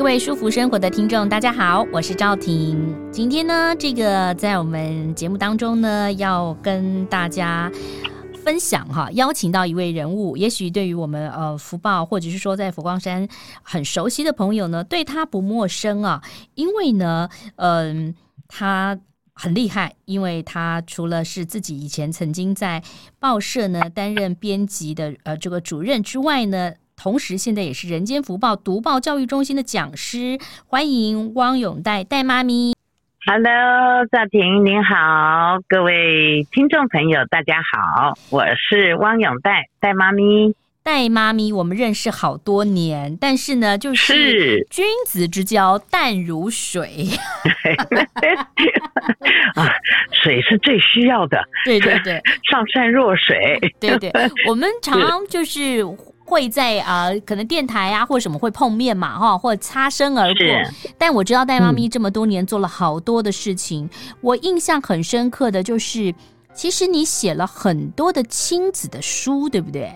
各位舒服生活的聽眾，大家好，我是趙婷。今天呢，這個在我們節目當中呢，要跟大家分享哈，邀請到一位人物，也許對於我們呃福報或者是說在佛光山很熟悉的朋友呢，對他不陌生啊，因為呢，嗯、呃，他很厲害，因為他除了是自己以前曾經在報社呢擔任編輯的呃這個主任之外呢。同時，現在也是人間福報讀報教育中心的講師，歡迎汪詠黛黛媽咪。Hello，趙婷，您好，各位聽眾朋友，大家好，我是汪詠黛黛媽咪。黛媽咪，我們認識好多年，但是呢，就是君子之交淡如水。啊， 水是最需要的。對對對，上善若水。 對對，我們常就是。會在啊、呃，可能電台啊，或者什麼會碰面嘛，哈、哦，或者擦身而過。但我知道黛媽咪這麼多年做了好多的事情，嗯，我印象很深刻的就是，其實你寫了很多的親子的書，對不對？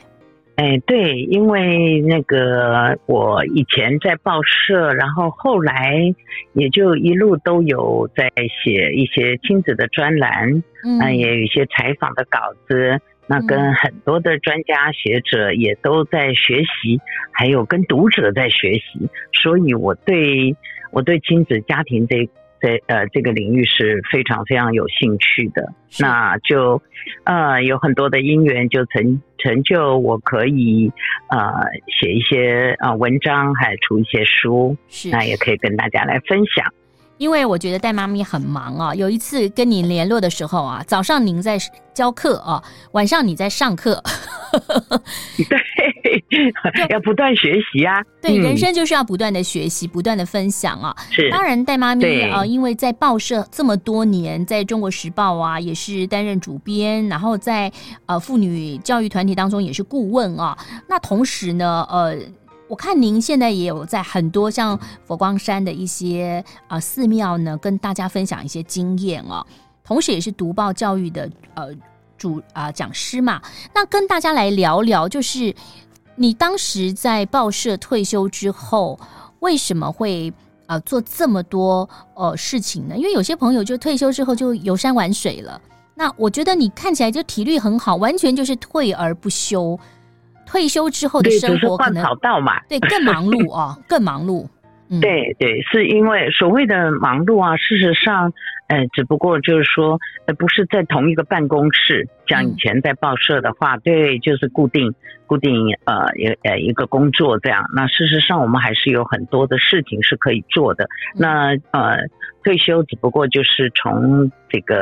哎，對，因為那個我以前在報社，然後後來也就一路都有在寫一些親子的專欄，嗯，啊、也有一些採訪的稿子。那跟很多的專家學者也都在學習，嗯，還有跟讀者在學習，所以我對我對親子家庭這這呃這個領域是非常非常有興趣的。那就呃有很多的因緣，就成成就我可以呃寫一些啊、呃、文章，還出一些書，那也可以跟大家來分享。因為我覺得黛媽咪很忙啊，有一次跟你聯絡的時候啊，早上您在教課啊，晚上你在上課， 對，要不斷學習啊，對，嗯、人生就是要不斷的學習，不斷的分享啊。是，當然黛媽咪啊、呃，因為在報社這麼多年，在中國時報啊，也是擔任主編，然後在呃婦女教育團體當中也是顧問啊。那同時呢，呃。我看您現在也有在很多像佛光山的一些啊、呃、寺廟呢，跟大家分享一些經驗哦。同時，也是讀報教育的呃主啊、呃、講師嘛。那跟大家來聊聊，就是你當時在報社退休之後，為什麼會啊、呃、做這麼多呃事情呢？因為有些朋友就退休之後就遊山玩水了。那我覺得你看起來就體力很好，完全就是退而不休。.退休之後的生活可能對、就是，換跑道嘛，對，更忙碌哦， 更忙碌。嗯、對對，是因為所謂的忙碌啊，事實上、呃，只不過就是說，呃，不是在同一個辦公室，像以前在報社的話，嗯、對，就是固定固定呃一呃，呃一個工作這樣。那事實上，我們還是有很多的事情是可以做的。那呃，退休只不過就是從這個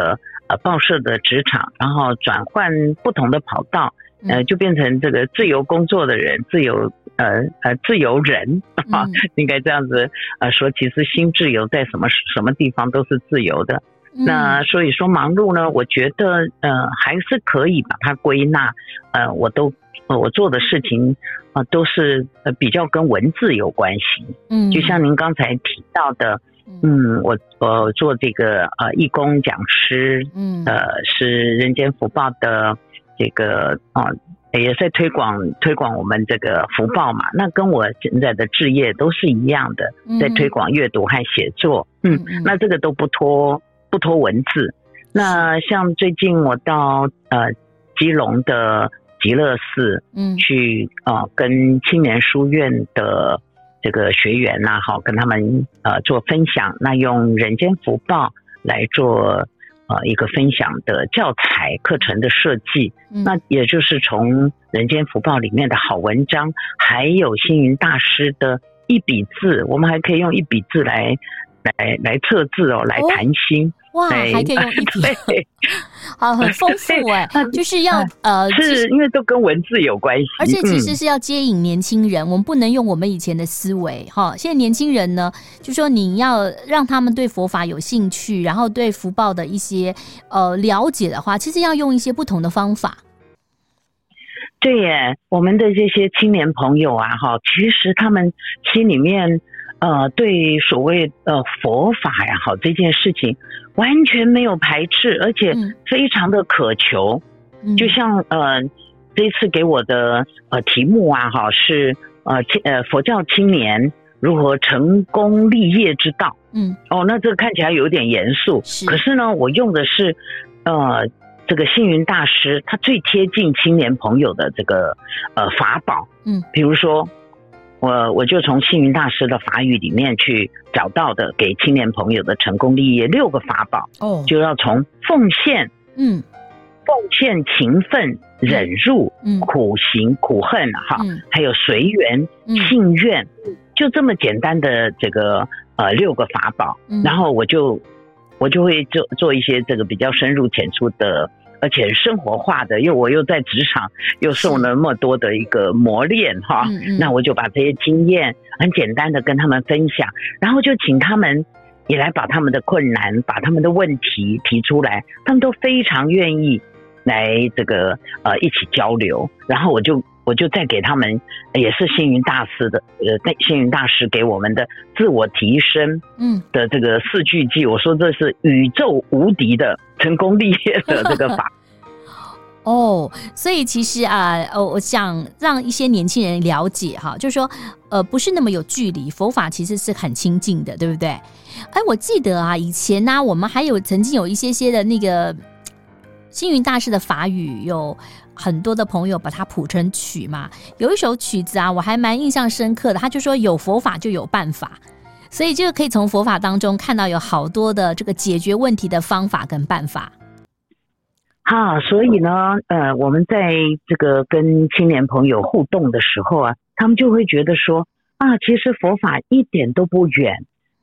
呃報社的職場，然後轉換不同的跑道。呃，就變成這個自由工作的人，自由呃呃自由人啊、嗯，應該這樣子啊說。其實心自由，在什麼什麼地方都是自由的，嗯。那所以說忙碌呢，我覺得呃還是可以把它歸納。呃，我都我做的事情啊、呃、都是呃比較跟文字有關係。嗯，就像您剛才提到的，嗯，我我做這個呃義工講師，嗯，呃是人間福報的。這個啊、呃，也在推廣推廣我們這個福報嘛。嗯、那跟我現在的職業都是一樣的，在推廣閱讀和寫作。嗯，嗯嗯，那這個都不拖不拖文字。那像最近我到呃，基隆的極樂寺，嗯，去啊、呃、跟青年書院的這個學員吶、啊，好跟他們呃做分享，那用人間福報來做呃，一個分享的教材課程的設計，嗯，那也就是從《人間福報》裡面的好文章，還有星雲大師的一筆字，我們還可以用一筆字來，來來測字哦，來談心。哦哇，還可以用一體， 啊，很豐富哎、欸，就是要呃，是，因為都跟文字有關係，而且其實是要接引年輕人、嗯，我們不能用我們以前的思維哈。現在年輕人呢，就說你要讓他們對佛法有興趣，然後對福報的一些呃了解的話，其實要用一些不同的方法。對耶，我們的這些青年朋友啊，哈，其實他們心裡面。呃，對所謂呃佛法呀，好這件事情完全沒有排斥，而且非常的渴求。嗯，就像呃這次給我的呃題目啊，好，是呃呃佛教青年如何成功立業之道。嗯，哦，那這個看起來有點嚴肅，是。可是呢，我用的是呃這個星雲大師他最貼近青年朋友的這個呃法寶。嗯，比如說。我我就從星雲大師的法語裡面去找到的，給青年朋友的成功立業六個法寶哦，oh. 就要從奉獻，嗯，奉獻、勤奮、忍辱、嗯、苦行、苦恨哈、嗯，還有隨緣、嗯、信願、嗯，就這麼簡單的這個呃六個法寶、嗯，然後我就我就會做做一些這個比較深入淺出的。而且生活化的，因為我又在職場又受了那麼多的一個磨練哈、嗯嗯嗯啊，那我就把這些經驗很簡單的跟他們分享，然後就請他們也來把他們的困難、把他們的問題提出來，他們都非常願意來這個呃一起交流，然後我就。我就再給他們，也是星雲大師的，呃，星雲大師給我們的自我提升，嗯，的這個四句偈、嗯。我說這是宇宙無敵的成功立業的這個法。 哦，所以其實啊，呃，我想讓一些年輕人了解哈，就是說，呃，不是那麼有距離，佛法其實是很親近的，對不對？哎，我記得啊，以前呢、啊，我們還有曾經有一些些的那個星雲大師的法語有。很多的朋友把它譜成曲嘛，有一首曲子啊，我還蠻印象深刻的。他就說有佛法就有辦法，所以這個可以從佛法當中看到有好多的這個解決問題的方法跟辦法。好，所以呢，呃，我們在這個跟青年朋友互動的時候啊，他們就會覺得說啊，其實佛法一點都不遠，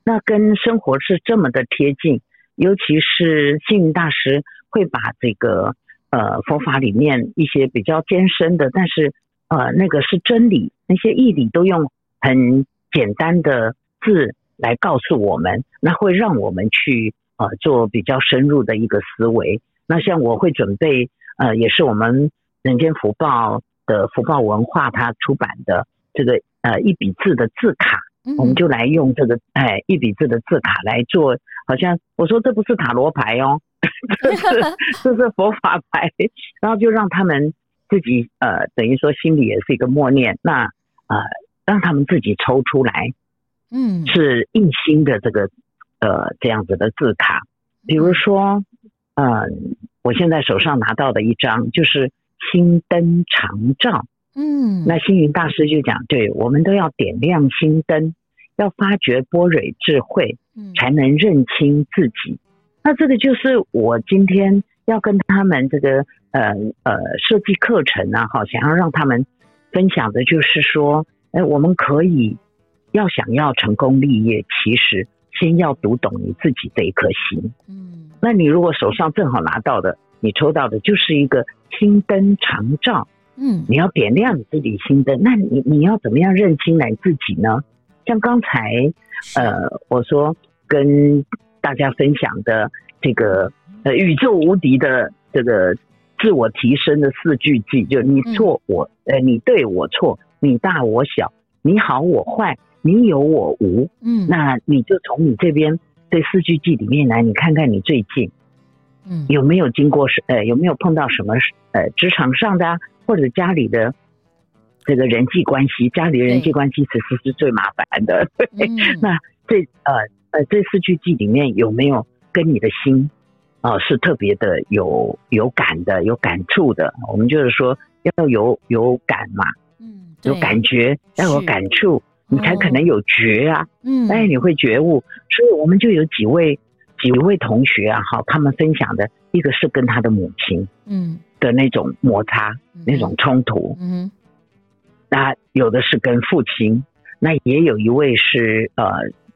那跟生活是這麼的貼近，尤其是星雲大師會把這個。呃，佛法裡面一些比較艱深的，但是呃，那個是真理，那些義理都用很簡單的字來告訴我們，那會讓我們去呃做比較深入的一個思維。那像我會準備呃，也是我們人間福報的福報文化它出版的這個呃一筆字的字卡，嗯，我們就來用這個哎一筆字的字卡來做，好像我說這不是塔羅牌哦。 這是佛法牌，然後就讓他們自己呃，等於說心裡也是一個默念，那呃讓他們自己抽出來，嗯，是印心的這個呃這樣子的字卡，比如說嗯、呃，我現在手上拿到的一張就是心燈常照，嗯，那星雲大師就講，對，我們都要點亮心燈，要發掘般若智慧，嗯，才能認清自己。那這個就是我今天要跟他們這個呃呃設計課程呢，哈，想要讓他們分享的，就是說，誒、欸、我們可以要想要成功立業，其實先要讀懂你自己這一顆心。嗯，那你如果手上正好拿到的，你抽到的就是一個心燈常照。嗯，你要點亮你自己心燈，那你你要怎麼樣認清你自己呢？像剛才呃我說跟。大家分享的這個呃宇宙無敵的這個自我提升的四句偈，就你錯我、嗯、呃你對我錯，你大我小，你好我壞，你有我無。嗯，那你就從你這邊這四句偈裡面來，你看看你最近嗯有沒有經過什呃有沒有碰到什麼呃職場上的、啊、或者家裡的這個人際關係，家裡的人際關係其實是最麻煩的，嗯、 那這呃。呃，這四句偈裡面有沒有跟你的心，啊、呃，是特別的有有感的、有感觸的？我們就是說要有有感嘛，嗯，有感覺，要有感觸、哦，你才可能有覺啊，嗯，哎，你會覺悟。所以我們就有幾位幾位同學啊，哈，他們分享的一個是跟他的母親，嗯，的那種摩擦、嗯、那種衝突，嗯，那、嗯啊、有的是跟父親，那也有一位是呃。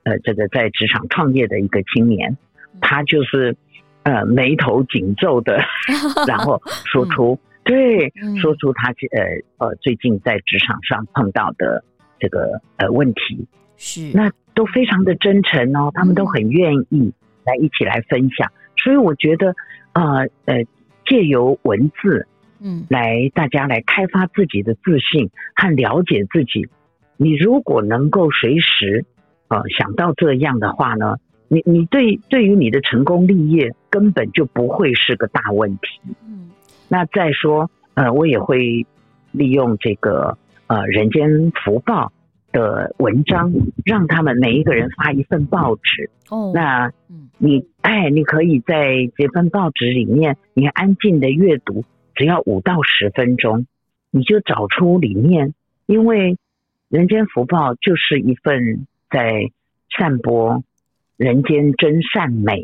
呃，這個在職場創業的一個青年，嗯、他就是呃眉頭緊皺的， 然後說出 對、嗯，說出他呃呃最近在職場上碰到的這個呃問題，是那都非常的真誠哦，他們都很願意來一起來分享，嗯、所以我覺得啊呃借、呃、由文字，嗯，來大家來開發自己的自信和了解自己，你如果能夠隨時。呃，想到這樣的話呢，你你對對於你的成功立業根本就不會是個大問題。嗯，那再說，呃，我也會利用這個呃《人間福報》的文章，讓他們每一個人發一份報紙。哦、嗯，那你，你哎，你可以在這份報紙裡面，你安靜的閱讀，只要五到十分鐘，你就找出裡面，因為《人間福報》就是一份。在散播人間真善美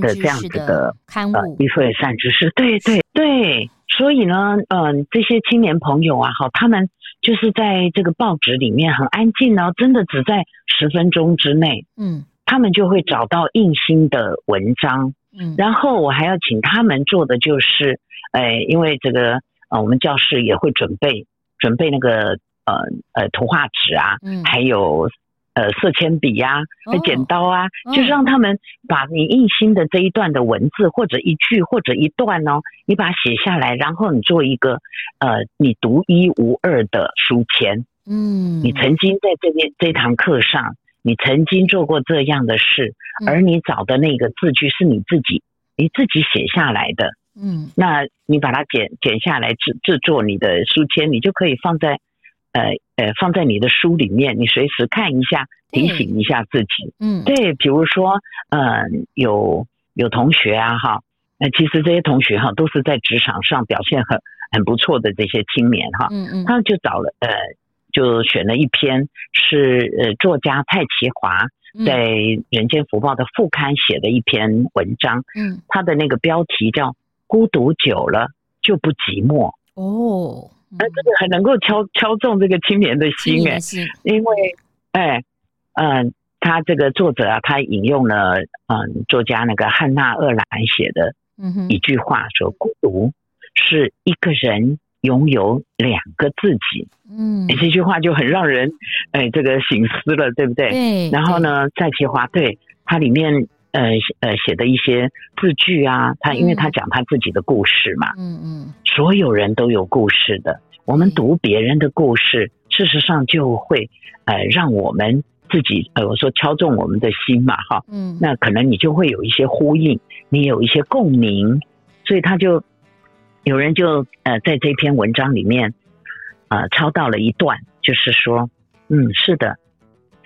的這樣子的刊物一份、呃、善知識，對對對，所以呢，嗯、呃，這些青年朋友啊，哈，他們就是在這個報紙裡面很安靜哦、啊，真的只在十分鐘之內，嗯，他們就會找到印心的文章，嗯，然後我還要請他們做的就是，哎、呃，因為這個呃，我們教室也會準備準備那個呃呃圖畫紙啊，嗯，還有。呃，色鉛筆呀，oh, 剪刀啊，oh. 就是讓他們把你印心的這一段的文字，oh. 或者一句，或者一段呢、哦，你把它寫下來，然後你做一個，呃，你獨一無二的書籤。嗯、mm.，你曾經在這邊這堂課上，你曾經做過這樣的事，而你找的那個字句是你自己，mm. 你自己寫下來的。嗯、mm.，那你把它剪剪下來，制制作你的書籤，你就可以放在。呃呃，放在你的書裡面，你隨時看一下，提醒一下自己。嗯，對，比如說，呃，有有同學啊，哈，那其實這些同學哈，都是在職場上表現很很不錯的這些青年哈。嗯嗯，他就找了，呃，就選了一篇是呃作家蔡其華在《人間福報》的副刊寫的一篇文章。嗯，他的那個標題叫《孤獨久了就不寂寞》。哦。哎、嗯，這個很能夠敲敲中這個青年的心哎、欸，因為哎、嗯、欸呃，他這個作者啊，他引用了嗯、呃、作家那個漢娜·鄂蘭寫的嗯一句話說，說、嗯、孤獨是一個人擁有兩個自己。嗯、欸，這句話就很讓人哎、欸、這個省思了，對不對？嗯，然後呢，在其《鐵華對它裡面呃呃寫的一些字句啊，他因為他講他自己的故事嘛，嗯嗯，所有人都有故事的。我們讀別人的故事，嗯，事實上就會呃讓我們自己，呃，我說敲中我們的心嘛，哈，嗯，那可能你就會有一些呼應，你有一些共鳴，所以他就有人就呃在這篇文章裡面啊，抄、呃、到了一段，就是說，嗯，是的，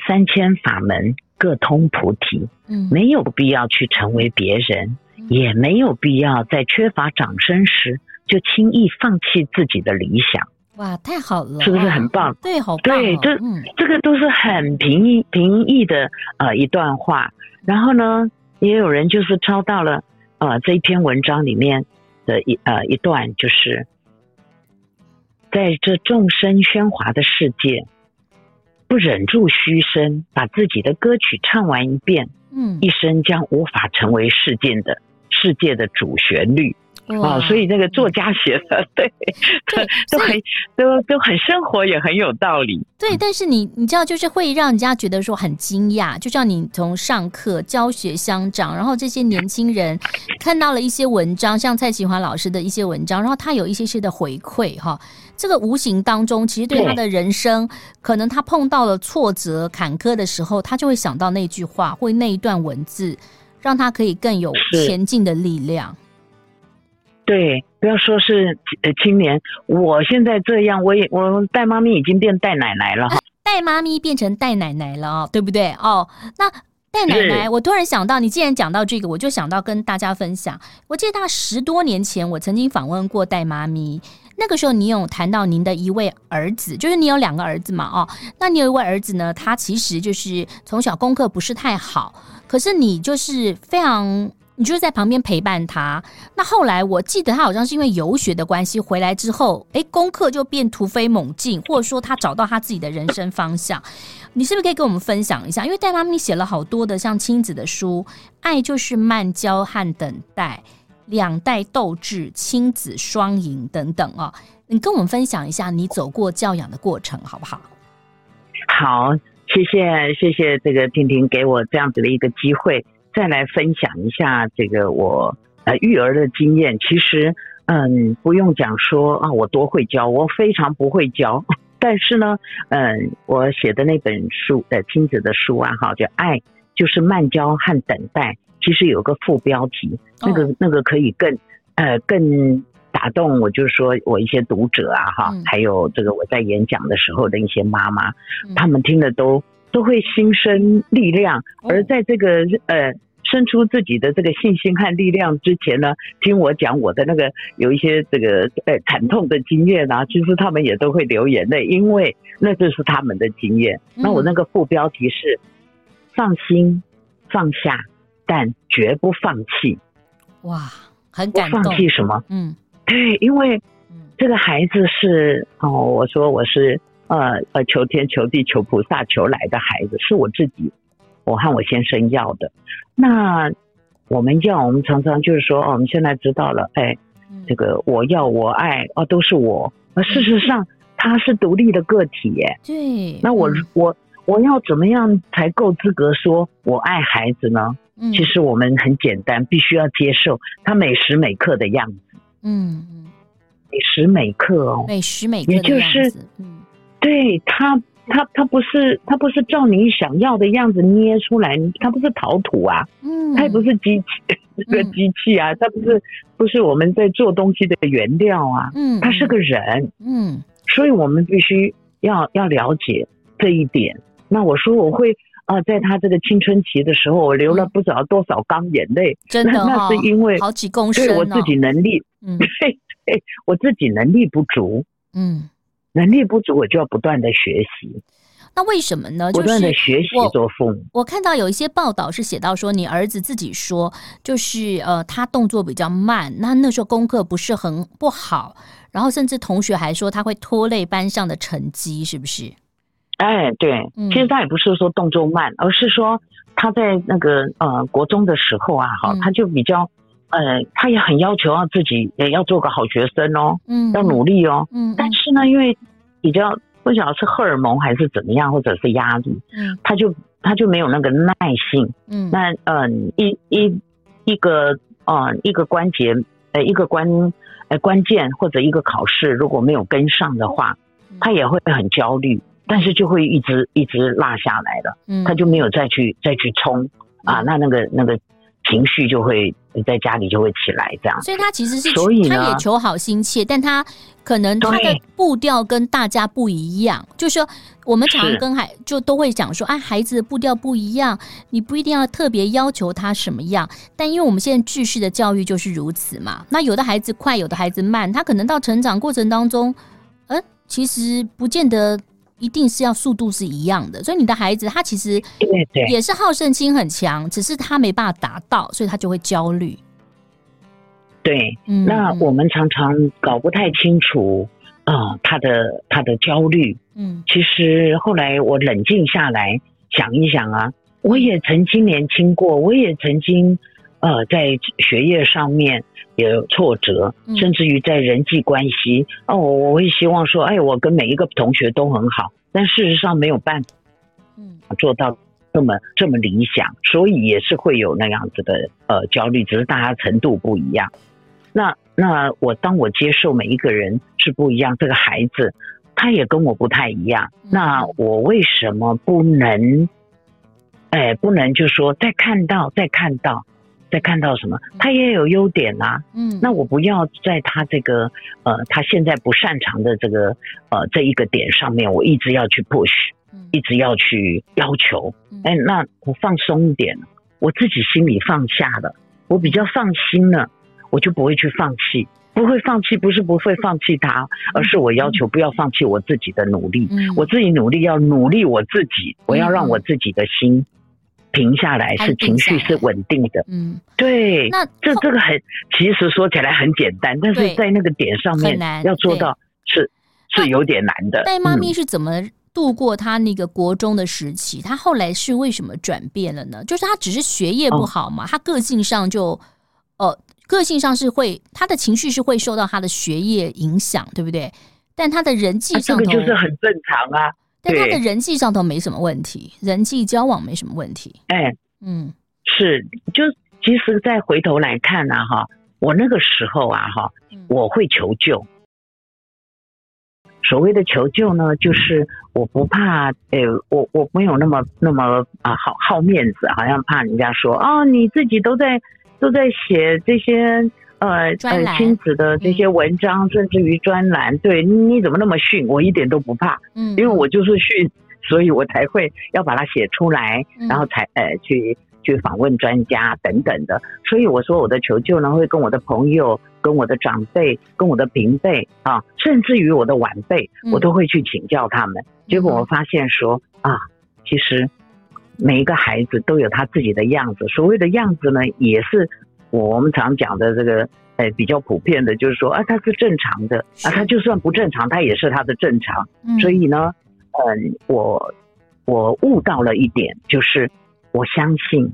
三千法門各通菩提，嗯，沒有必要去成為別人，嗯，也沒有必要在缺乏掌聲時。就輕易放棄自己的理想，哇，太好了，是不是很棒？啊、對，好棒、哦。對，這、嗯、這個都是很平易平易的呃一段話。然後呢，也有人就是抄到了呃這一篇文章裡面的一呃一段，就是在這眾聲喧嘩的世界，不忍住噓聲，把自己的歌曲唱完一遍，嗯，一生將無法成為世界的世界的主旋律。哇哦，所以那個作家寫的，對，都、嗯、都很都都很生活，也很有道理。對，但是你你知道，就是會讓人家覺得說很驚訝。就像你從上課教學相長，然後這些年輕人看到了一些文章，像蔡淇華老師的一些文章，然後他有一些些的回饋哈。這個無形當中，其實對他的人生，可能他碰到了挫折坎坷的時候，他就會想到那句話，或那一段文字，讓他可以更有前進的力量。對，不要說是呃青年，我現在這樣，我也我黛媽咪已經變黛奶奶了。呃、黛媽咪變成黛奶奶了對不對哦？那黛奶奶，我突然想到，你既然講到這個，我就想到跟大家分享。我記得十多年前，我曾經訪問過黛媽咪，那個時候你有談到您的一位兒子，就是你有兩個兒子嘛哦？那你有一位兒子呢？他其實就是從小功課不是太好，可是你就是非常。你就是在旁邊陪伴他。那後來我記得他好像是因為遊學的關係回來之後，哎、欸，功課就變突飛猛進，或者說他找到他自己的人生方向。你是不是可以跟我們分享一下？因為黛媽咪你寫了好多的像親子的書，《愛就是慢教和等待》，兩代鬥智，親子雙贏等等啊。你跟我們分享一下你走過教養的過程好不好？好，謝謝謝謝這個婷婷給我這樣子的一個機會。再來分享一下這個我呃育兒的經驗。其實嗯，不用講說啊，我多會教，我非常不會教。但是呢，嗯，我寫的那本書、呃、親子的書啊，哈，叫《愛就是慢教和等待》。其實有個副標題，哦、那個那個可以更呃更打動我，就是說我一些讀者啊，哈，還有這個我在演講的時候的一些媽媽、嗯，他們聽的都。都會心生力量，而在這個呃，生出自己的這個信心和力量之前呢，聽我講我的那個有一些這個呃，慘痛的經驗啊，其實他們也都會流眼淚，因為那就是他們的經驗。嗯、那我那個副標題是：放心放下，但絕不放棄。哇，很感動。放棄什麼？嗯，對，因為這個孩子是哦，我說我是。呃呃，求天求地求菩薩求來的孩子是我自己，我和我先生要的。那我們要，我們常常就是說，哦，我們現在知道了，哎、嗯，這個我要我愛哦，都是我。而，事實上他是獨立的個體耶。對、嗯。那我我我要怎麼樣才夠資格說我愛孩子呢、嗯？其實我們很簡單，必須要接受他每時每刻的樣子。嗯。每時每刻哦。每時每刻。也就是。嗯對他，他他不是他不是照你想要的樣子捏出來，他不是陶土啊，嗯，他也不是機器，這個機器啊，嗯、他不是不是我們在做東西的原料啊，嗯，他是個人，嗯，所以我們必須要要了解這一點。那我說我會啊、呃，在他這個青春期的時候，我流了不知道多少缸眼淚，真的、哦那，那是因為好幾公升對、哦、我自己能力，嗯，對 我自己能力不足，嗯。能力不足，我就要不斷的學習。那為什麼呢？不斷的學習做父母。我看到有一些報道是寫到說，你兒子自己說，就是呃，他動作比較慢，那那時候功課不是很不好，然後甚至同學還說他會拖累班上的成績，是不是？哎，對，其實他也不是說動作慢，嗯，而是說他在那個呃國中的時候啊，哈，他就比較。呃，他也很要求啊自己，也要做個好學生哦，嗯，嗯，要努力哦，嗯，嗯。但是呢，因為比較不曉得是荷爾蒙還是怎麼樣，或者是壓力，嗯，他就他就沒有那個耐性，嗯。那嗯、呃，一一一,一個呃一個關節，呃，一個關呃關鍵或者一個考試如果沒有跟上的話，嗯、他也會很焦慮，但是就會一直一直落下來了，嗯。他就沒有再去再去衝、嗯、啊，那那個那個。情緒就會在家裡就會起來這樣，所以他其實是，所以呢，他也求好心切，但他可能他的步調跟大家不一樣，就是說我們常常跟孩就都會講說，哎、啊，孩子的步調不一樣，你不一定要特別要求他什麼樣，但因為我們現在制式的教育就是如此嘛，那有的孩子快，有的孩子慢，他可能到成長過程當中，嗯、呃，其實不見得，一定是要速度是一樣的，所以你的孩子他其實對對，也是好勝心很強，只是他沒辦法達到，所以他就會焦慮。對、嗯，那我們常常搞不太清楚啊、呃，他的他的焦慮。嗯，其實後來我冷靜下來想一想啊，我也曾經年輕過，我也曾經呃在學業上面。也有挫折，甚至於在人際關係，嗯、哦，我我會希望說，哎，我跟每一個同學都很好，但事實上沒有辦法，做到這麼這麼理想，所以也是會有那樣子的呃焦慮，只是大家程度不一樣。那那我當我接受每一個人是不一樣，這個孩子他也跟我不太一樣，嗯，那我為什麼不能，哎，不能就說再看到再看到，在看到什麼，他也有優點啊。嗯，那我不要在他這個，呃，他現在不擅長的這個，呃，這一個點上面，我一直要去 push，嗯，一直要去要求，哎，嗯，欸，那我放鬆一點，我自己心裡放下了，我比較放心了，我就不會去放棄，不會放棄不是不會放棄他，嗯，而是我要求不要放棄我自己的努力，嗯，我自己努力要努力我自己，我要讓我自己的心。嗯，嗯。停下來，是情緒是穩定的定。嗯，對。那這這個很，其實說起來很簡單，但是在那個點上面要做到是很難，是是有點難的。那、啊、黛媽、嗯、咪是怎麼度過她那個國中的時期？她後來是為什麼轉變了呢？就是她只是學業不好嘛，她個性上就，哦、呃，個性上是會，她的情緒是會受到她的學業影響，對不對？但她的人際上，啊這個、就是很正常啊。但他的人際上都沒什麼問題，人際交往沒什麼問題。哎、欸，嗯，是，就其實再回頭來看呢，哈，我那個時候啊，哈，我會求救。所謂的求救呢，就是我不怕，呃、欸，我我沒有那麼那麼啊好好面子，好像怕人家說，哦，你自己都在都在寫這些。呃，親、呃、子的這些文章，嗯、甚至於專欄，對，你怎麼那麼遜？我一點都不怕，嗯，因為我就是遜，所以我才會要把它寫出來，然後才呃去去訪問專家等等的。所以我說我的求救呢，會跟我的朋友、跟我的長輩、跟我的平輩啊，甚至於我的晚輩，我都會去請教他們。嗯、結果我發現說啊，其實每一個孩子都有他自己的樣子，所謂的樣子呢，也是。我，我們常講的這個，哎、欸，比較普遍的，就是說，啊，他是正常的，啊，他就算不正常，他也是他的正常，嗯。所以呢，嗯，我我悟到了一點，就是我相信，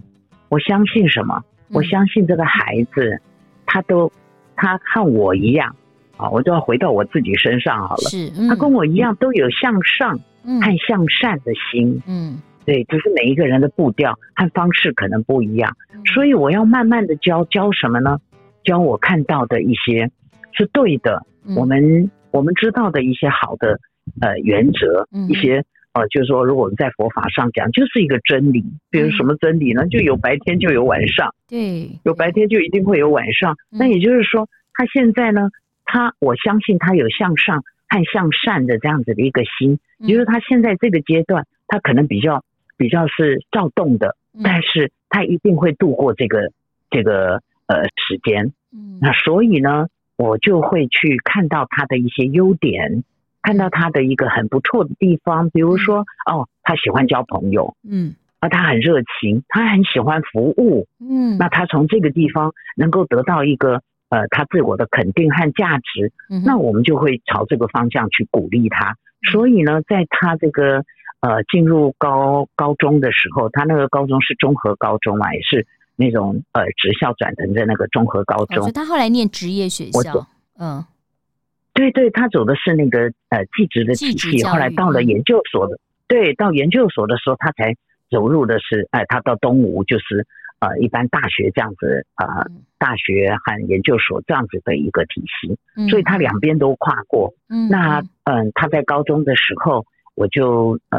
我相信什麼？我相信這個孩子，他、嗯、都他看我一樣，啊，我都要回到我自己身上好了。他、嗯、跟我一樣都有向上和向善的心。嗯。嗯嗯對，只、就是每一個人的步調和方式可能不一樣，嗯、所以我要慢慢的教教什麼呢？教我看到的一些是對的，嗯、我們我們知道的一些好的呃原則，嗯、一些呃就是說，如果我們在佛法上講，就是一個真理、嗯。比如什麼真理呢？就有白天就有晚上，嗯，有白天就一定會有晚上。那也就是說，他現在呢，他我相信他有向上和向善的這樣子的一個心，嗯、也就是他現在這個階段，他可能比較。比較是躁動的，但是他一定會度過這個、嗯、這個呃時間。嗯，那所以呢，我就會去看到他的一些優點、嗯，看到他的一個很不錯的地方，比如說、嗯、哦，他喜歡交朋友，嗯，而他很熱情，他很喜歡服務，嗯，那他從這個地方能夠得到一個呃他自我的肯定和價值、嗯，那我們就會朝這個方向去鼓勵他。所以呢，在他這個。呃，進入高高中的時候，他那個高中是綜合高中嘛，也是那種呃職校轉成的那個綜合高中。哦、他後來念職業學校我走，嗯，對對，他走的是那個呃技職的體系，後來到了研究所的，嗯。對，到研究所的時候，他才走入的是哎、呃，他到東吳就是呃一般大學這樣子啊、呃嗯，大學和研究所這樣子的一個體系。嗯、所以他兩邊都跨過。嗯，那嗯、呃，他在高中的時候。我就呃，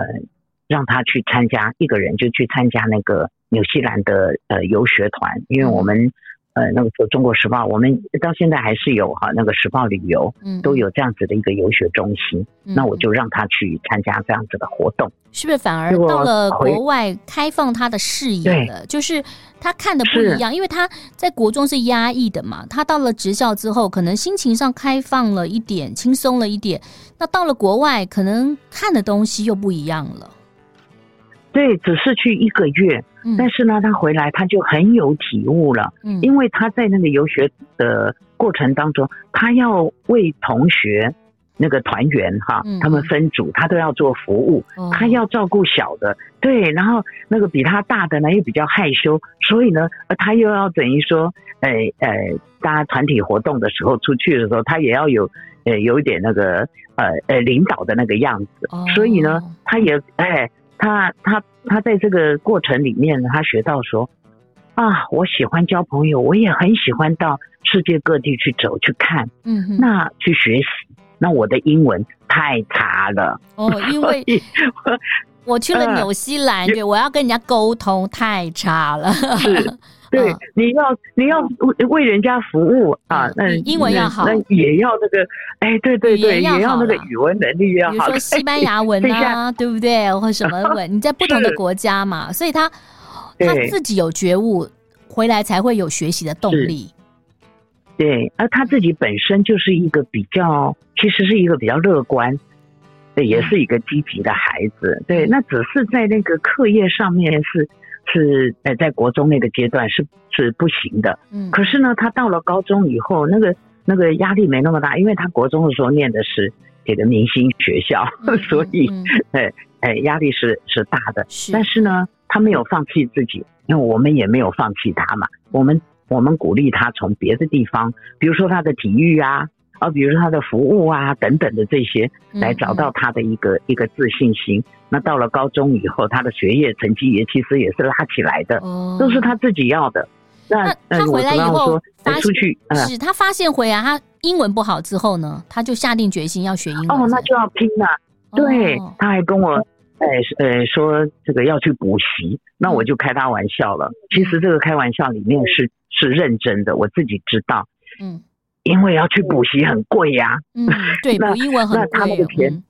讓他去參加一個人，就去參加那個紐西蘭的呃遊學團，因為我們。呃、嗯，那個時候《中國時報》，我們到現在還是有哈那個時報旅遊，都有這樣子的一個遊學中心，嗯。那我就讓他去參加這樣子的活動，是不是反而到了國外開放他的視野了？就是他看的不一樣，因為他在國中是壓抑的嘛，他到了職校之後，可能心情上開放了一點，輕鬆了一點。那到了國外，可能看的東西又不一樣了。對，只是去一個月，但是呢，他回來他就很有體悟了，嗯、因為他在那個遊學的過程當中，嗯、他要為同學那個團員哈、嗯，他們分組，他都要做服務，嗯、他要照顧小的、嗯，對，然後那個比他大的呢又比較害羞，所以呢，他又要等於說，誒、呃、誒，大家團體活動的時候出去的時候，他也要有，呃，有一點那個，呃呃，領導的那個樣子，嗯、所以呢，他也哎。欸他他他在這個過程裡面，他學到說啊，我喜歡交朋友，我也很喜歡到世界各地去走去看，嗯，那去學習，那我的英文太差了，哦，因為。 我去了紐西蘭，對、啊，我要跟人家溝通太差了。對、嗯，你要你要為為人家服務啊，那、嗯、英文要好，那也要那個，哎、欸，對對對、啊，也要那個語文能力要好，比如說西班牙文啊，哎、對不對？或者什麼文、啊？你在不同的國家嘛，所以他他自己有覺悟，回來才會有學習的動力。對，而他自己本身就是一個比較，其實是一個比較樂觀。也是一個積極的孩子、嗯。對，那只是在那個課業上面是是呃，在國中那個階段是是不行的、嗯。可是呢，他到了高中以後，那個那個壓力沒那麼大，因為他國中的時候念的是這個明星學校，嗯、 所以，嗯嗯、哎哎，壓力是是大的是。但是呢，他沒有放棄自己，那我們也沒有放棄他嘛。我們我們鼓勵他從別的地方，比如說他的體育啊。啊，比如說他的服務啊，等等的這些，來找到他的一個、嗯嗯、一個自信心。那到了高中以後，他的學業成績也其實也是拉起來的，嗯、都是他自己要的。那，那、呃、他回來以後，後發、哎、出去是他發現回來他英文不好之後呢、嗯，他就下定決心要學英文。哦，那就要拼了。嗯、對，他還跟我哎哎、呃呃、說這個要去補習、嗯，那我就開他玩笑了。其實這個開玩笑裡面是、嗯、是認真的，我自己知道。嗯。因為要去補習很貴呀，嗯， 嗯，對，補英文很貴、哦 那。那他那個偏、嗯，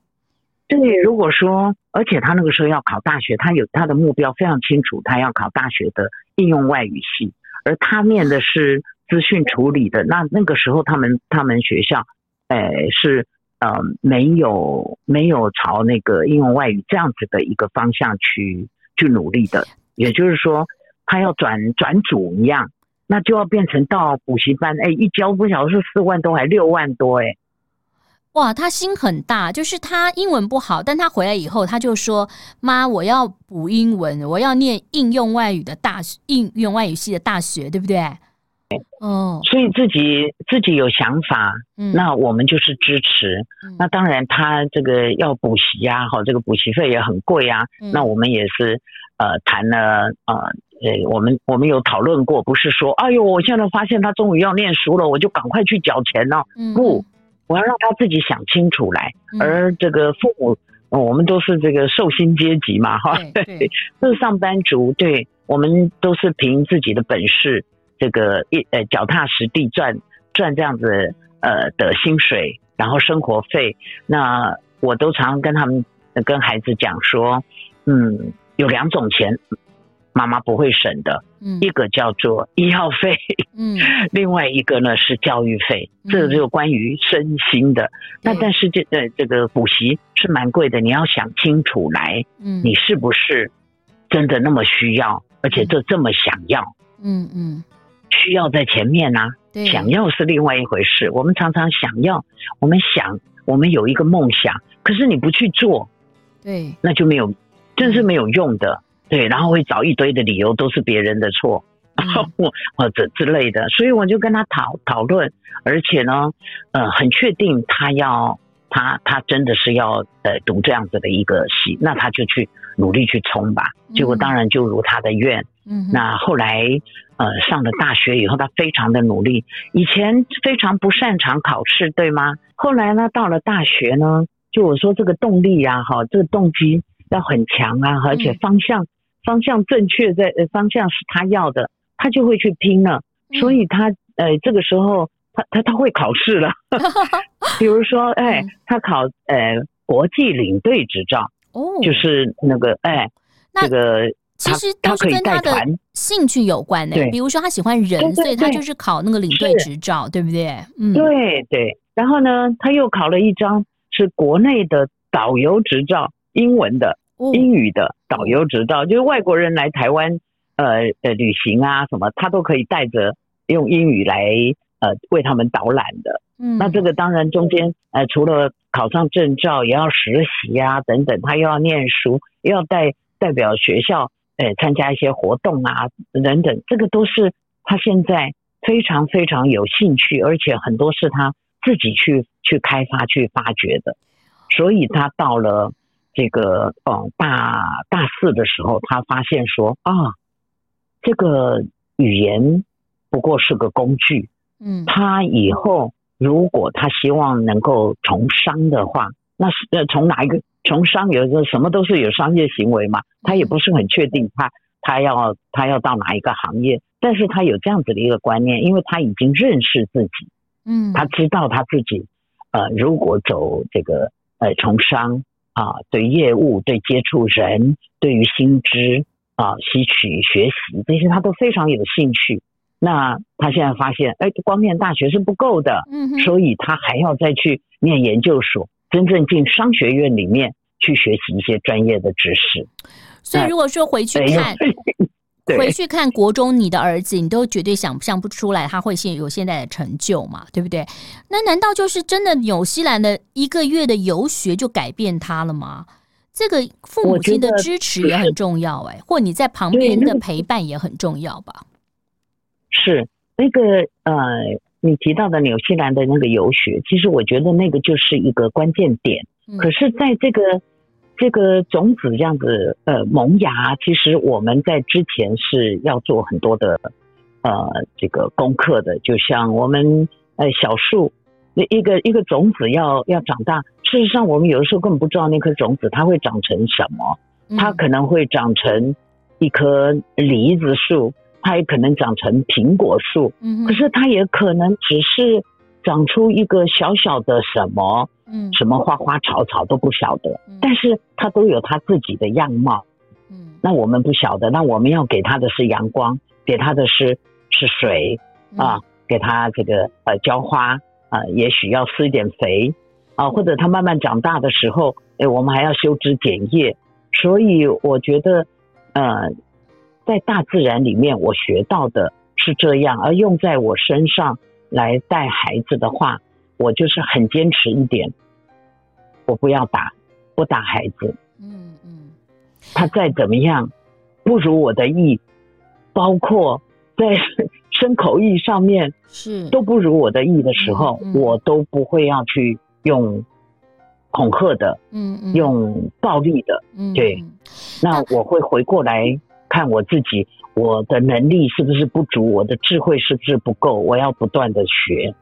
對，如果說，而且他那個時候要考大學，他有他的目標非常清楚，他要考大學的應用外語系，而他念的是資訊處理的。嗯、那那個時候他們他們學校，誒、呃、是呃沒有沒有朝那個應用外語這樣子的一個方向去去努力的，也就是說，他要轉轉組一樣。那就要變成到補習班，哎、欸，一交不曉得是四萬多還六萬多，哎、欸，哇，他心很大，就是他英文不好，但他回來以後，他就說：“媽，我要補英文，我要念應用外語的大學，應用外語系的大學，對不對？”哦，所以自己自己有想法、嗯，那我們就是支持。嗯、那當然，他這個要補習啊，好，這個補習費也很貴啊、嗯，那我們也是呃談了呃。呃，我們我們有討論過，不是說，哎呦，我現在發現他終於要念書了，我就趕快去繳錢了、哦。嗯，不，我要讓他自己想清楚來、嗯。而這個父母，嗯、我們都是這個受薪階級嘛，哈，對，都 是上班族，對我們都是憑自己的本事，這個一呃腳踏實地賺賺這樣子呃的薪水，然後生活費。那我都常跟他們、呃、跟孩子講說，嗯，有兩種錢。嗯媽媽不會省的、嗯，一個叫做醫藥費，嗯，另外一個呢是教育費，嗯、這個、就關於身心的。嗯、那但是這個這個補習是蠻貴的，你要想清楚來，嗯，你是不是真的那麼需要，嗯、而且就這麼想要，嗯嗯，需要在前面吶、啊，對、嗯，想要是另外一回事。我們常常想要，我們想，我們有一個夢想，可是你不去做，對，那就沒有，真是沒有用的。對，然後會找一堆的理由，都是別人的錯、嗯，或者之類的，所以我就跟他討討論，而且呢，呃，很確定他要他他真的是要呃讀這樣子的一個系，那他就去努力去衝吧。結果當然就如他的願。嗯，那後來呃上了大學以後，他非常的努力，以前非常不擅長考試，對嗎？後來呢，到了大學呢，就我說這個動力呀，哈，這個動機要很強啊，而且方向、嗯。方向正確，的方向是他要的，他就會去拼了，嗯，所以他呃這個時候他他他會考試了。 比如說哎、欸、他考呃國際領隊執照，哦，就是那個哎、欸哦，這個那其實當時跟他的興趣有關，欸、的有關、欸、對，比如說他喜歡人對對對，所以他就是考那個領隊執照，對不對？嗯，對對，然後呢他又考了一張是國內的導遊執照，英文的。英語的導遊執照，就是外國人來台灣，呃呃，呃，旅行啊什麼，他都可以帶着用英語來呃為他們導覽的。嗯，那這個當然中間，呃，除了考上證照，也要實習啊等等，他又要念書，又要代代表學校，呃，參加一些活動啊等等，這個都是他現在非常非常有興趣，而且很多是他自己去去開發去發掘的，所以他到了。這個呃、哦、大大四的時候，他發現說啊，這個語言不過是個工具。嗯，他以後如果他希望能夠從商的話，那是呃，從哪一個從商，有一個什麼都是有商業行為嘛。嗯、他也不是很確定他、他他要他要到哪一個行業，但是他有這樣子的一個觀念，因為他已經認識自己，嗯，他知道他自己、嗯、呃，如果走這個呃從商。啊，對業務、對接觸人、對於新知，啊，吸取學習這些，他都非常有興趣。那他現在發現，哎，光念大學是不夠的，所以他還要再去念研究所，真正進商學院裡面去學習一些專業的知識。所以，如果說回去看、啊。 回去看國中你的兒子，你都絕對想象不出來他會現有現在的成就嘛，對不對？那難道就是真的紐西蘭的一個月的遊學就改變他了嗎？這個父母親的支持也很重要哎、欸，或你在旁邊的陪伴也很重要吧？是那個是、那個、呃，你提到的紐西蘭的那個遊學，其實我覺得那個就是一個關鍵點。嗯、可是在這個。這個種子這樣子，呃，萌芽，其實我們在之前是要做很多的，呃，這個功課的。就像我們，呃，小樹，那一個一個種子要要長大，事實上，我們有的時候根本不知道那顆種子它會長成什麼，它可能會長成一棵梨子樹，它也可能長成蘋果樹，可是它也可能只是。長出一個小小的什麼，嗯，什麼花花草草都不曉得，嗯、但是它都有它自己的樣貌、嗯。那我們不曉得，那我們要給它的是陽光，給它的是是水、嗯、啊，給它這個呃澆花啊、呃，也許要施一點肥啊、呃，或者它慢慢長大的時候，哎、呃，我們還要修枝剪葉。所以我覺得，呃，在大自然裡面我學到的是這樣，而用在我身上。來帶孩子的話，我就是很堅持一點，我不要打，不打孩子。嗯嗯，他再怎麼樣不如我的意，包括在身口意上面是都不如我的意的時候，嗯嗯，我都不會要去用恐嚇的，嗯嗯，用暴力的，嗯，對，那我會回過來。看我自己，我的能力是不是不足，我的智慧是不是不夠，我要不斷的學。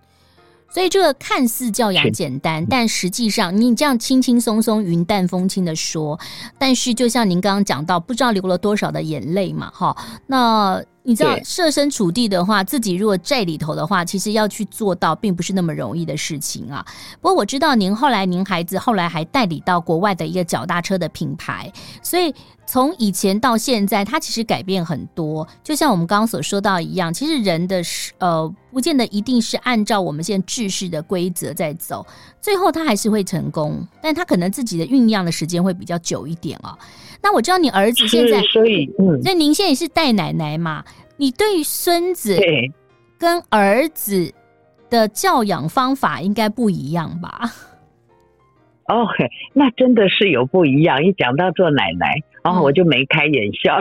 所以這個看似教養簡單，但實際上你這樣輕輕鬆鬆、雲淡風輕地說，但是就像您剛剛講到，不知道流了多少的眼淚嘛，哈，那。你知道設身處地的話，自己如果在裡頭的話，其實要去做到，並不是那麼容易的事情啊。不過我知道您後來，您孩子後來還代理到國外的一個腳踏車的品牌，所以從以前到現在，他其實改變很多。就像我們剛剛所說到一樣，其實人的是呃，不見得一定是按照我們現在制式的規則在走，最後他還是會成功，但他可能自己的醞釀的時間會比較久一點啊。那我知道你兒子現在，所以、嗯，所以您現在也是帶奶奶嘛？你對孫子跟兒子的教養方法應該不一樣吧？哦，那真的是有不一樣。一講到做奶奶，然、嗯、後、哦、我就眉開眼笑。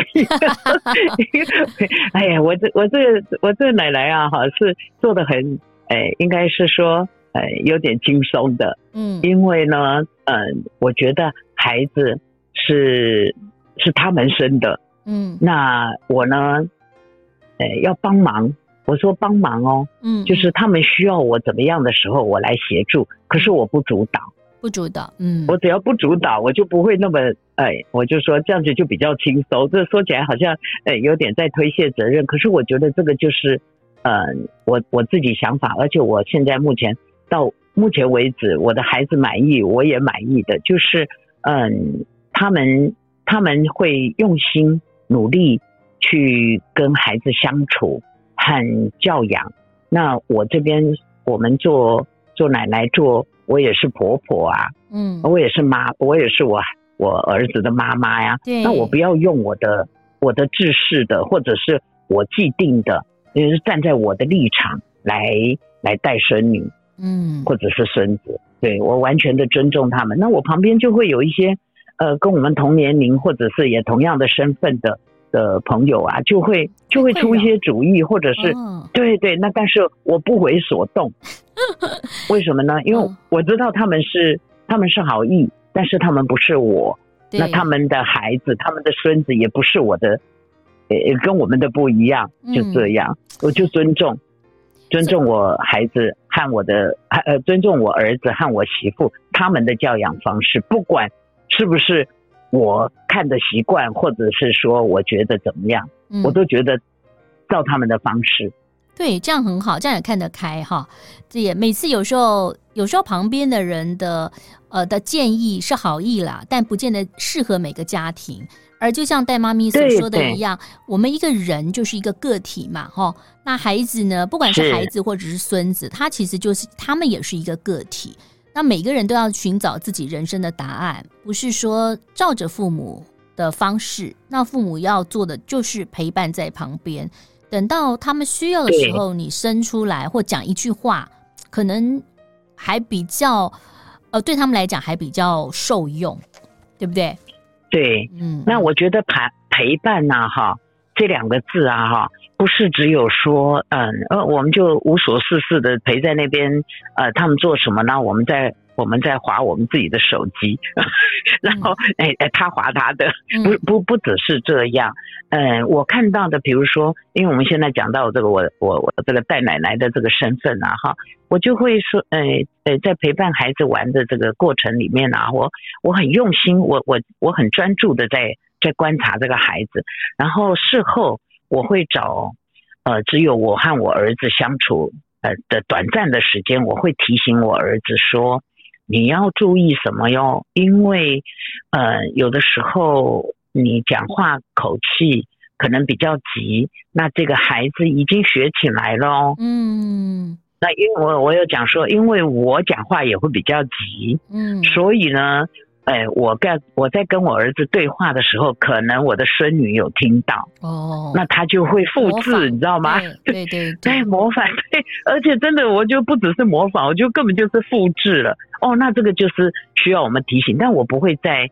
哎呀，我這我這我這奶奶啊，哈，是做得很，哎，應該是說，哎、有點輕鬆的、嗯。因為呢、呃，我覺得孩子是是他們生的。嗯、那我呢？要幫忙，我說幫忙哦，嗯，就是他們需要我怎麼樣的時候，我來協助，可是我不主導，不主導，嗯，我只要不主導，我就不會那麼，哎，我就說這樣子就比較輕鬆。這說起來好像，哎，有點在推卸責任，可是我覺得這個就是，嗯，我我自己想法，而且我現在目前到目前為止，我的孩子滿意，我也滿意的，就是，嗯，他們他們會用心努力。去跟孩子相處，很教養。那我這邊，我們做做奶奶做，我也是婆婆啊，嗯，我也是媽，我也是我我兒子的媽媽呀。對。那我不要用我的我的製式的，或者是我既定的，就是站在我的立場來來帶孫女，嗯，或者是孫子。對，我完全的尊重他們。那我旁邊就會有一些呃，跟我們同年齡或者是也同樣的身份的。的朋友啊，就會就會出一些主意，欸、或者是，嗯、對對，那但是我不為所動， 為什麼呢？因為我知道他們是，嗯、他們是好意，但是他們不是我，那他們的孩子，他們的孫子也不是我的，呃、跟我們的不一樣，就這樣，嗯、我就尊重尊重我孩子和我的，呃，尊重我兒子和我媳婦他們的教養方式，不管是不是。我看的習慣，或者是說我覺得怎麼樣，我都覺得照他們的方式，嗯、對，這樣很好，這樣也看得開哈。這也每次有時候，有時候旁邊的人的呃的建議是好意啦，但不見得適合每個家庭。而就像黛媽咪所說的一樣，我們一個人就是一個個體嘛，哈。那孩子呢，不管是孩子或者是孫子是，他其實就是他們也是一個個體。那每個人都要尋找自己人生的答案，不是說照着父母的方式。那父母要做的就是陪伴在旁邊，等到他們需要的時候，你生出來或講一句話，可能還比較呃，對他們來講還比較受用，對不對？對，嗯。那我覺得陪陪伴吶，哈，這兩個字啊，哈。不是只有說，嗯，呃，我們就無所事事的陪在那邊，呃，他們做什麼呢？我們在我們在滑我們自己的手機， 然後，哎、呃、他滑他的， 不不不只是這樣，嗯、呃，我看到的，比如說，因為我們現在講到這個我我我這個帶奶奶的這個身份啊，哈，我就會說，哎、呃、誒、呃、在陪伴孩子玩的這個過程裡面啊，我我很用心，我我我很專注的在在觀察這個孩子，然後事後。我會找，呃，只有我和我兒子相處，呃的短暫的時間，我會提醒我兒子說，你要注意什麼喲？因為，呃，有的時候你講話口氣可能比較急，那這個孩子已經學起來了哦。嗯。那因為我我有講說，因為我講話也會比較急，嗯，所以呢。哎、欸，我跟我在跟我兒子對話的時候，可能我的孫女有聽到哦，那他就會複製，你知道嗎？對對對，對、欸，模仿對，而且真的我就不只是模仿，我就根本就是複製了哦。那這個就是需要我們提醒，但我不會在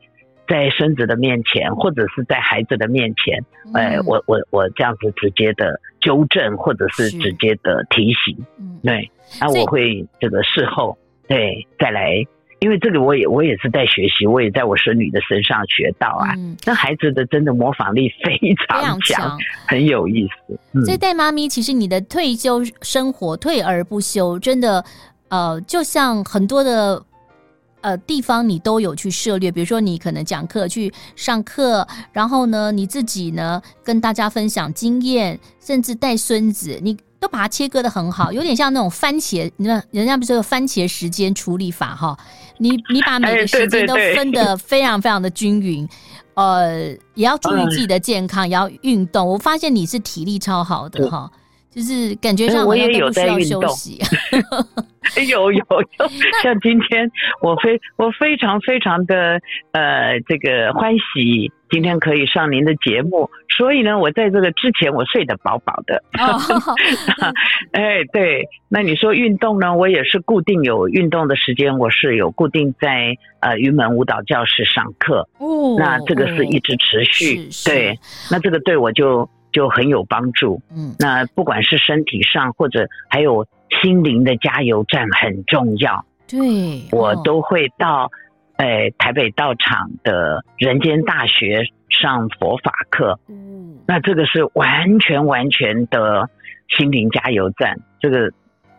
在孫子的面前，或者是在孩子的面前，哎、嗯欸，我我我這樣子直接的糾正，或者是直接的提醒，嗯、對，那我會這個事後對再來。因為這裡我也我也是在學習，我也在我孫女的身上學到啊。那、嗯、孩子的真的模仿力非常強，非常強，很有意思。嗯、所以黛媽咪其實你的退休生活退而不休，真的呃，就像很多的呃地方你都有去涉獵。比如說你可能講課去上課，然後呢你自己呢跟大家分享經驗，甚至帶孫子你。都把它切割的很好，有點像那種番茄，那人家不是有番茄時間處理法哈？你你把每個時間都分得非常非常的均勻，呃，也要注意自己的健康，哎、也要運動。我發現你是體力超好的哈。嗯就是感覺上、嗯，我也有在運動 ，有有有， 像今天我非我非常非常的呃這個歡喜，今天可以上您的節目，所以呢，我在這個之前我睡得飽飽的、哦。 哎，對，那你說運動呢？我也是固定有運動的時間，我是有固定在呃雲門舞蹈教室上課。哦，那這個是一直持續、哦，對，那這個對我就。就很有幫助，嗯，那不管是身體上或者還有心靈的加油站很重要，對，我都會到誒、哦呃、台北道場的人間大學上佛法課，嗯、哦，那這個是完全完全的心靈加油站，這個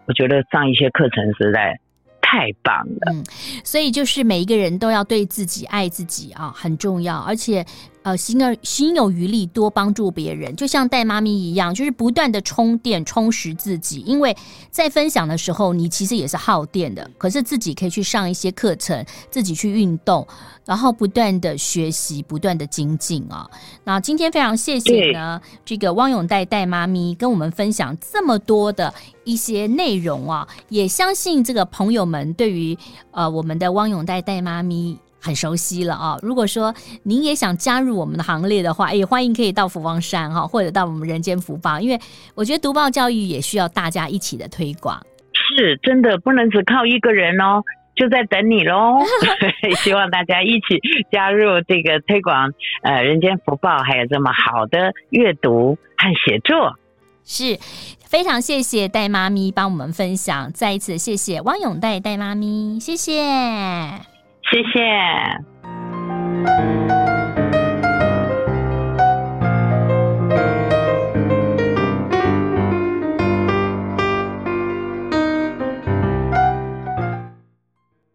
我覺得上一些課程實在太棒了，嗯，所以就是每一個人都要對自己愛自己啊，很重要，而且。呃，行，行有餘力，多幫助別人，就像黛媽咪一樣，就是不斷的充電，充實自己。因為在分享的時候，你其實也是耗電的，可是自己可以去上一些課程，自己去運動，然後不斷的學習，不斷的精進啊。那今天非常謝謝呢，yeah. 這個汪詠黛黛媽咪跟我們分享這麼多的一些內容啊，也相信這個朋友們對於呃我們的汪詠黛黛媽咪。很熟悉了啊、哦！如果說您也想加入我們的行列的話，也歡迎可以到佛光山哈、哦，或者到我們《人間福報》，因為我覺得讀報教育也需要大家一起的推廣。是真的，不能只靠一個人哦，就在等你嘍！ 希望大家一起加入這個推廣，呃，《人間福報》還有這麼好的閱讀和寫作，是非常謝謝黛媽咪幫我們分享，再一次謝謝汪詠黛黛媽咪，謝謝。謝謝。